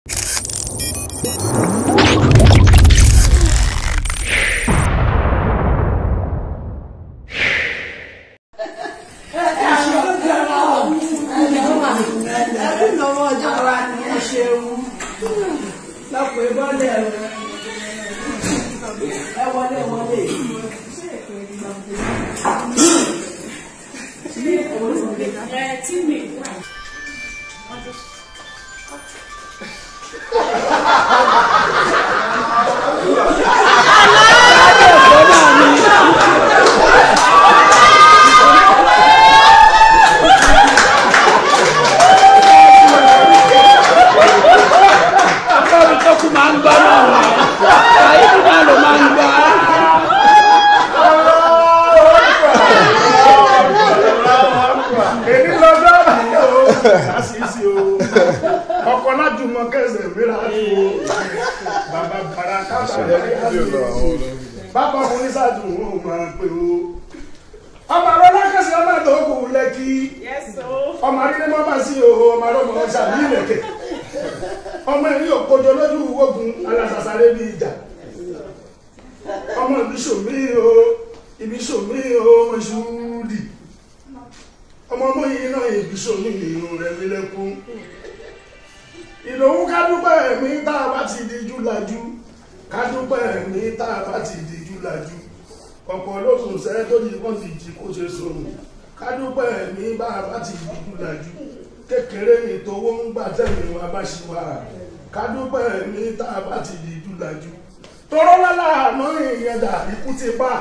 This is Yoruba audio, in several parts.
Let sásìsì o ọkọ láti mọ kẹsẹ̀ mìíràn láti wo bàbá bàrà káàtà bàbá ọkùnrin sàdùn wọn ò máa pè o ọmọ rọlá kẹsì ọmọ àtọkù lẹkì ọmọ akérèmọ bá sí òhò ọmọ rọmọ ọjà ní ìlẹkẹ ọmọ ẹni òkojọ lójú ogun alásàsáré bí ìjà ọmọ ìbísòmí o ìbísòmí o mọṣú iná ìbísọ̀mí nínú rẹ̀ mílẹ̀kùn ìdòwú kádúpẹ́ ẹ̀mí tá a bá ti dijú lajú kádúpẹ́ ẹ̀mí tá a bá ti dijú lajú ọ̀pọ̀ lókun sẹ́ tó di kán ti jí kó ṣe sọ̀rọ̀ kádúpẹ́ ẹ̀mí bá a bá ti dijú lajú kékeré ni tówó ń gbà tẹ̀mí wa bá ṣe wà kádúpẹ́ ẹ̀mí tá a bá ti dijú lajú tọrọ lálá àná ìyẹn dà ikú ti pa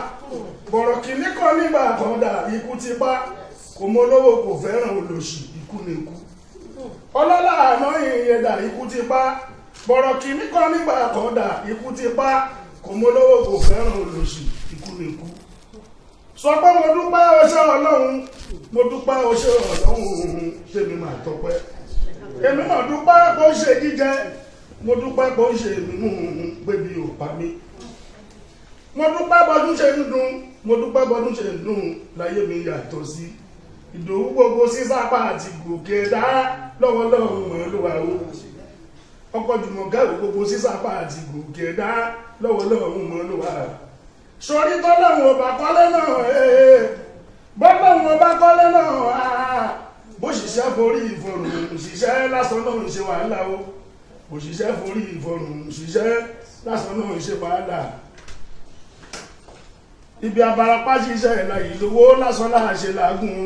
bọ̀rọ̀ kìnnìkan nígbà kan dà ikú ti pa kò mọ olówó kò fẹ́ràn olóṣì ikú ni ikú ọlọ́lá àmọ́ ìyẹn dà ikú ti pa bọ̀rọ̀ kìíní kan nígbà kan dà ikú ti pa kò mọ olówó kò fẹ́ràn olóṣì ikú ni ikú sọ pé mo dúpẹ́ ọṣẹ́ ọlọ́run mo dúpẹ́ ọṣẹ́ ọlọ́run òun tèmi máa tọpẹ́ èmi náà dúpẹ́ kó ń ṣe jíjẹ mo dúpẹ́ kó ń ṣe mímú gbébi ò pa mí mo dúpẹ́ bọ́dún ṣe ń mo dúpẹ́ bọ́dún ṣe ń láyé mi yàtọ̀ sí. Si ìdòwú gbogbo sísápá àti gòkè dá lọ́wọ́lọ́run mọ́ lówà ó ọkọ̀ jùmọ̀ gáàrú gbogbo sísápá àti gòkè dá lọ́wọ́lọ́run mọ́ lówà ó sórí tọ́lọ́run ọba kọ́lé náà bọ́lọ́run ọba kọ́lé náà bó ṣiṣẹ́ forí ìfọ̀rùn òṣìṣẹ́ lásán náà ń ṣe wàhálà ó òṣìṣẹ́ forí ìfọ̀rùn òṣìṣẹ́ lásán náà ń ṣe wàhálà ibi abarapá ṣiṣẹ́ rẹ̀ láyìí lówó lásán láà ṣe lágùn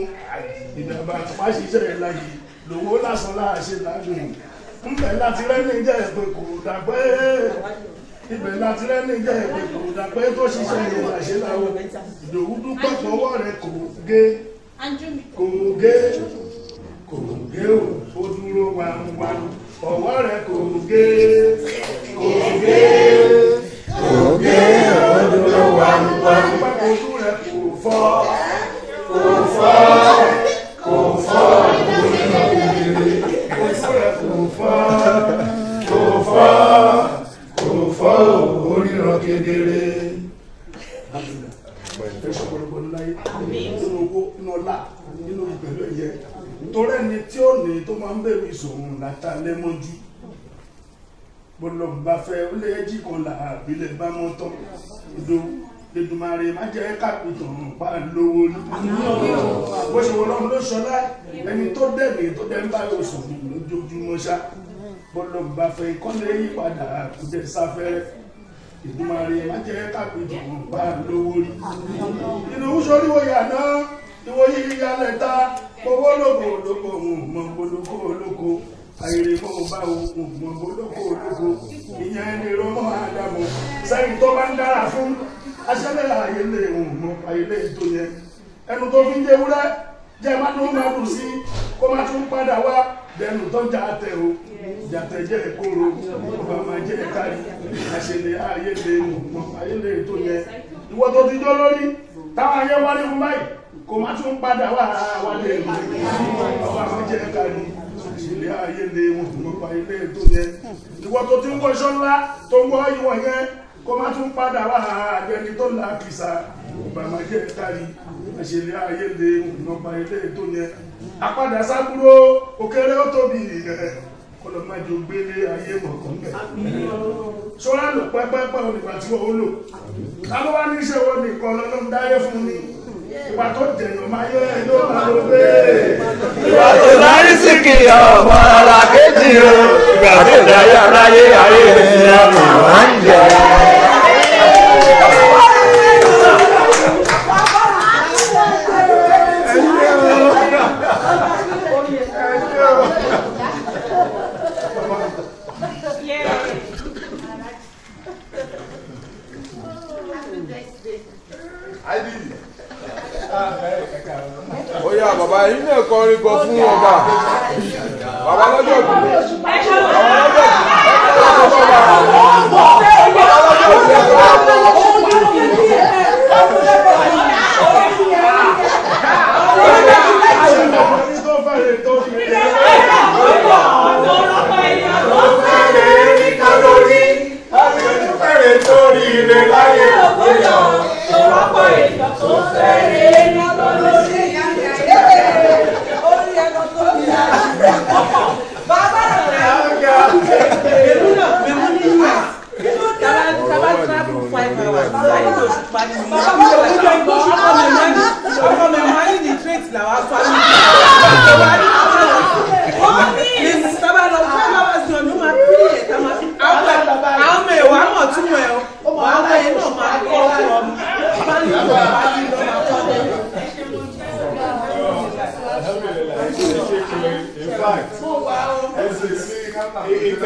ibi abarapá ṣiṣẹ́ rẹ̀ láyìí lówó lásán láà ṣe lágùn ńbẹ̀ láti rẹ́ni jẹ́ ìpè kò dàgbé ibẹ̀ láti rẹ́ni jẹ́ ìpè kò dàgbé tó ṣiṣẹ́ rẹ̀ láṣẹ láwọ̀ ìdòwú dúpẹ́ fọwọ́ rẹ̀ kò gé kò gé kò gé o ó dúró wàmúwàmú ọwọ́ rẹ̀ kò gé kò gé kò gé. kò fọ́ kò fọ́ oríran kedere. ẹ sọ̀pọ̀lọpọ̀ ńlá yìí nínú owó nínú ọlá nínú pẹ̀lú ẹ̀yẹ torí ẹni tí ó ní tó máa ń bẹ̀rù ìṣòro láta lẹ́mọ́jú bọ́lọ́mbà fẹ́ ó lé ẹjí kan là àbílẹ̀ bá mọ́ tán ìdòwú lẹ́dùnmáre má jẹ́ kápítọ̀ bá lówó ní. bó ṣe wọ́n lọ́mọdé sọlá ẹni tó dẹ̀ ní tó dẹ̀ ń bá yóò sọ̀rọ̀ lójoojúmọ́ ṣá bọ́lọ́gbà fẹ́ kọ́lé yípadà àkùdẹ sáfẹ́rẹ́ ìdúmọ̀rẹ́ má jẹ́ kábíyèjì bá lówó rí. inú sọ́ríwó yàná ìwòye ìyálẹ̀ ta owó lóko olóko òun mọ̀ olóko olóko àyèrè mọ́ bá òun mọ̀ olóko olóko ìyẹn ní rọ́mọ́ àdàmọ́ sẹ́yìn tó bá ń dára fún aṣẹ́lẹ̀ àyèlè òun mọ̀ àyèlè ètò yẹn ẹnu tó fi ń jẹ́ wúrẹ́ jẹ́ má ló má dùn sí kó má tún padà wá dẹnu tó ń jà tẹ o jàtẹ jẹ kóró ọba máa jẹ kárí àṣẹlẹ ayé lè mọ ayé lè tó yẹ ìwọ tó ti dó lórí táwọn ayé wá ní mumbai kó má tún padà wá wá lè mọ ọba máa jẹ kárí ilé ayé lè mọ ayé lè tó yẹ ìwọ tó ti ń wọṣọ ńlá tó ń wọ ìwọ yẹn kó má tún padà wá àgbẹni tó là kìsà òbámá jẹ́ ìtàrí ìṣẹ̀lẹ̀ ayé lè ìnàpá ilé tó yẹn apádà sábúrò òkèrè ó tóbi rẹ̀ kọlọmájò gbélé ayé mọ̀kàn bẹ̀. sọ́ra lò pẹ́pẹ́pẹ́ onígbà tí wọ́n lò táwọn wá ní iṣẹ́ wọn nìkan lọ́dún dáyé fún ni ìwà tó jẹ̀yàn máa yọ ẹ̀ ló máa ló gbé. ìwà tó láyé sí kì í ọmọ ara kejì o ìgbà tó dáyé aráyé ayé rẹ̀ ni ń jẹ. bàbá yìí náà kọrin gan fún ọba bàbá lọ́jọ́ òbí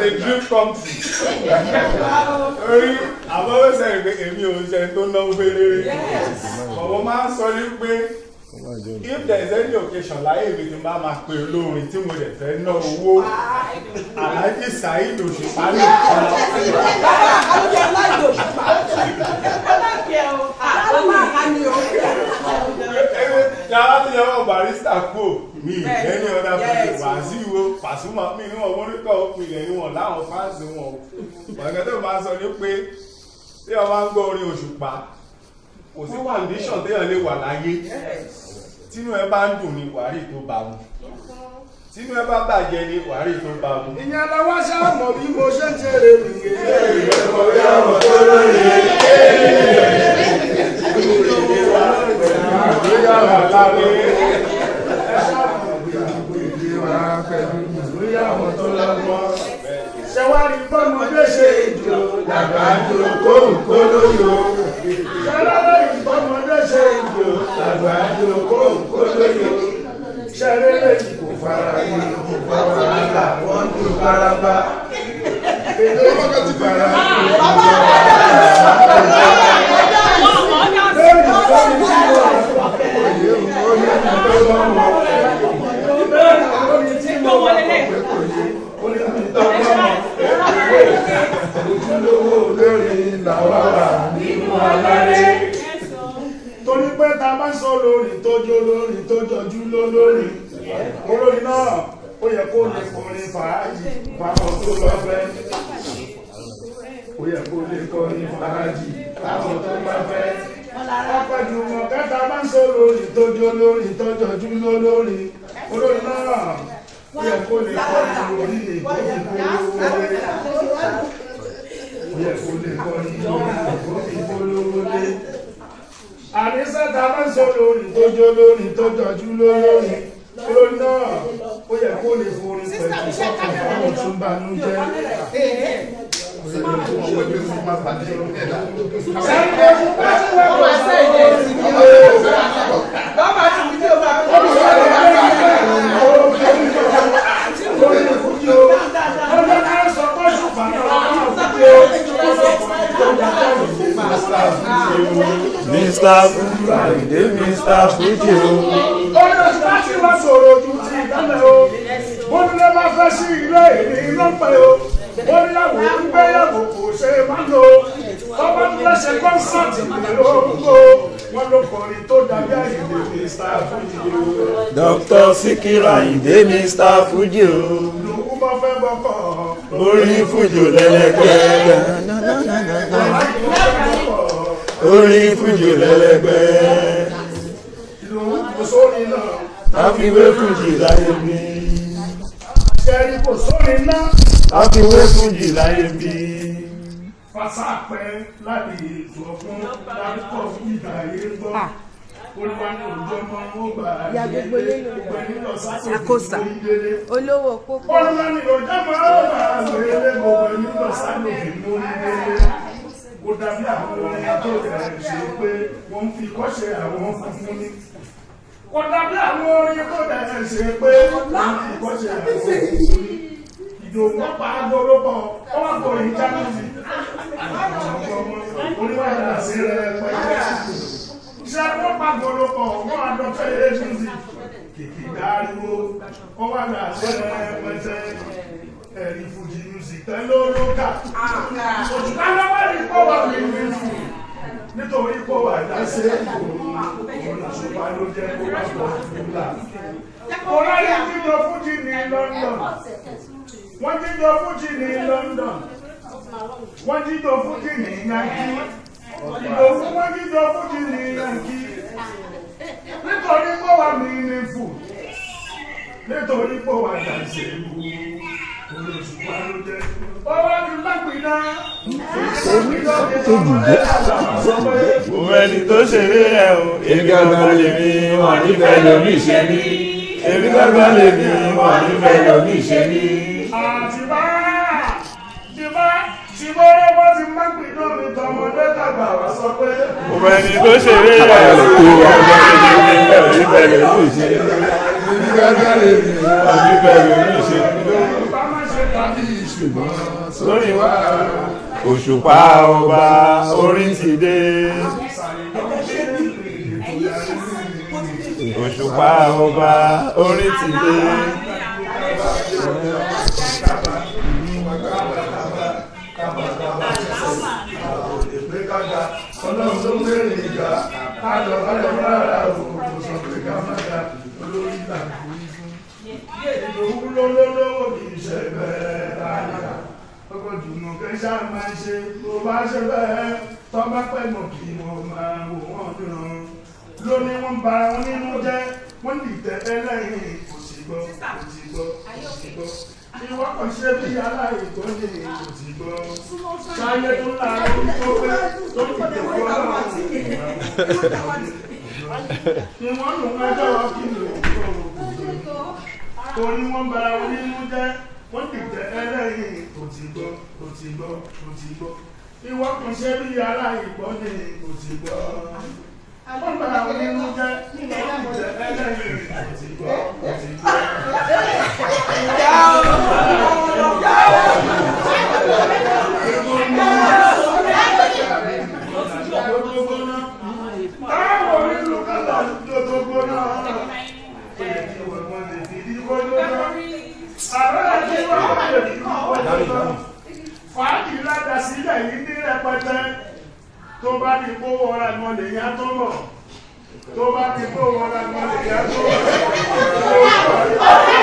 a dream come true. Orí àmọ́ ó sẹ́yìn pé èmi ò ṣe tó náwó fẹ́lẹ́rẹ́. Ọ̀wọ́ máa ń sọ ní pé if there is any occasion láyé mi tí n bá máa pe olórin tí mo lè fẹ́ ná owó Alhaji Saheed Òṣùpá lè kọ́. Bàbá àkàndé aláìdòṣùpá. Ẹ má jẹun àbámọ̀ àkàndé òṣùpá barista kò mi ìlẹ́ni ọ̀dà pàṣẹ wàásù o Pasuma mi ní wọn orúkọ ìpìlẹ̀ ni wọn láwọn fáǹsì wọn ọ̀gá tó máa sọ ni pé tí wọn máa ń gbọ́ orin òṣùpá kò sí condition téèyàn lè wà láyé tínú ẹ bá ń dùn ní wàrí tó bá mu tínú ẹ bá bàjẹ́ ní wàrí tó bá mu. ìyẹn lọ wá ṣáàmù bí mo ṣe ń ṣe lè rìn gé. ìyẹn kò rí àwọn tó lóye. ìyẹn kò rí àwọn tó lóye. tó lọ́gbọ́n. ṣẹ̀wárí bọ́mọdé ṣe ìjò làgbà dúró kóńkó lóyò. ṣẹ̀wárí bọ́mọdé ṣe ìjò làgbà dúró kóńkó lóyò. ṣẹ̀rẹ̀lẹ̀ kò fara ní kò fara nílà wọ́n dúró bárabá. èdè ìfọ̀kàtì bàrà ní ìjọba. ojúlówó olórin làwa wà nínú aláré. torí pé ta bá sọ lórin tójó lórin tójọjú lólórin olórin náà ó yẹ kó lè kọrin fàájì fáwọn tó lọ fẹ́ ó yẹ kó lè kọrin fàájì fáwọn tó lọ fẹ́ ọpẹjùmọ kẹta bá ń sọ lórin tójó lórin tójọjú lólórin olórin náà ó yẹ kó lè kọ́ orí èkó ìpolówó rẹ ó yẹ kó lè kọ́ orí ìpolówó rẹ. àníṣe ta máa ń sọ lórin tó jó lórin tó jọjú lórin ló náà ó yẹ kó lè forin pẹ̀lú sọ́kàn fáwọn tó ń banú jẹ́. Sẹ́yìn lè fún pásítọ̀ wá sẹ́yìn lè sí ní ọ̀rọ̀. sáfù àyìndé mi sáfù jì o. orí oṣù láti lọ sọ̀rọ̀ ojú ti ìdámẹ́ o bóńdé má fẹ́ sí ilé ìrìn iná pẹ́ o bóńdéyàwó ń gbéyàwó kò ṣe é má lò ó bọ́bá ń lẹ́sẹ̀ kọ́nsáàtì pẹ̀lú orúkọ wọn ló kọrin tó dàbí àyìndé mi sáfù jì o. dókítà síkírà àyìndé mi sáfù jì o. lòun bá fẹ́ bọ́kọ̀ orí fújò lẹ́lẹ́gbẹ̀ẹ́ orin fújì lẹ́lẹ́gbẹ́. ìlú kò sórin náà. táfiwé fújì láyé bí. àṣẹrí kò sórin náà. táfiwé fújì láyé bí. fasápẹ́ láti ètò ọ̀gbọ́n dárúkọ fún ìgbà yẹn gbọ́ ya gbogbo lẹ́nu àkóso olówó pópó. olùwànìyàn jẹ́ mọ́ ọ́n bá a lò ilé gbogbo ẹni lọ sáré ìlú ilé ó dàbí àwọn ọmọ tó rẹ̀ ṣe pé wọ́n fi kọ́ṣe àwọn funfun ní. kò dàbí àwọn orin tó rẹ̀ ṣe pé wọ́n fi kọ́ṣe àwọn funfun ní. ìdòwú pa agbóró kan ó wà kó yín jáde sí. oníwàdà sí rẹ pẹ́ẹ́pẹ́ sí iṣẹ́ wọ́n pa agbóró kan wọ́n adọ́fẹ́ yé kìkì dáríwó ó wà sí rẹ pẹ́ẹ́pẹ́ sí ẹ̀rí fújì music tẹ́lẹ̀ ológa òṣùpá lọ́wọ́ ní kọ́wà nínú nítorí kọ́wà ìdáṣẹ́ ìgbòho òṣùpá ló jẹ́ kọ́wà lọ́wọ́ kọ́lá ní jíjọ fújì ní London wọ́n jíjọ fújì ní London wọ́n jíjọ fújì ní Yankí ìdòwú wọ́n jíjọ fújì ní Yankí nítorí kọ́wà nínú nítorí kọ́wà ìdáṣẹ́ ìgbòho òun ẹni tó ṣeré ẹ o èmi gbàgbọ́ lèmi wọn nífẹ̀ẹ́ lómi ṣe ní èmi gbàgbọ́ lèmi wọn nífẹ̀ẹ́ lómi ṣe ní. àtìmá tìmá tìmọ́rẹ́ bá ti má pè náà mi tọmọdé tàgbà wá sọ pé. òun ẹni tó ṣeré ẹ o èmi gbàgbọ́ lèmi wọn nífẹ̀ẹ́ lómi ṣe ní èmi gbàgbọ́ lèmi wọn nífẹ̀ẹ́ lómi ṣe ní ṣùgbọ́n sórí wa òṣùpá ọba orin ti dé. òṣùpá ọba orin ti dé. ọlọ́run ló ń bèrè ìjà á lọ. òun lólólówó ṣe bẹ́ẹ̀ láyà ọkọ̀ dùnú kẹsà máa ṣe bó bá ṣe bẹ́ẹ̀ tọ́gbà pẹ̀lú kí wọ́n máa wò wọ́n dùn lóní wọn ba wọn nínú jẹ́ wọ́n lè tẹ ẹlẹ́yìn kò sì gbọ́ kò kò ṣe bí aláìgbọ́ ní kò sì tó la orí tó pé tó lè tẹ wọ́n lọ́wọ́ ìwọ́n lòun ẹjọ́ kí ni o torí wọ́n bara wọn nínú jẹ́ wọ́n dìtẹ̀ ẹlẹ́yìn òtìgbọ́ òtìgbọ́ òtìgbọ́ ìwọ́n kò ṣe bí ara ìgbọ́ ní òtìgbọ́ wọ́n bara wọn nínú jẹ́ wọ́n dìtẹ̀ ẹlẹ́yìn òtìgbọ́ òtìgbọ́. kó wọra gan lè yá tó bọ̀ tó bá ti kó wọra gan lè yá tó bọ̀.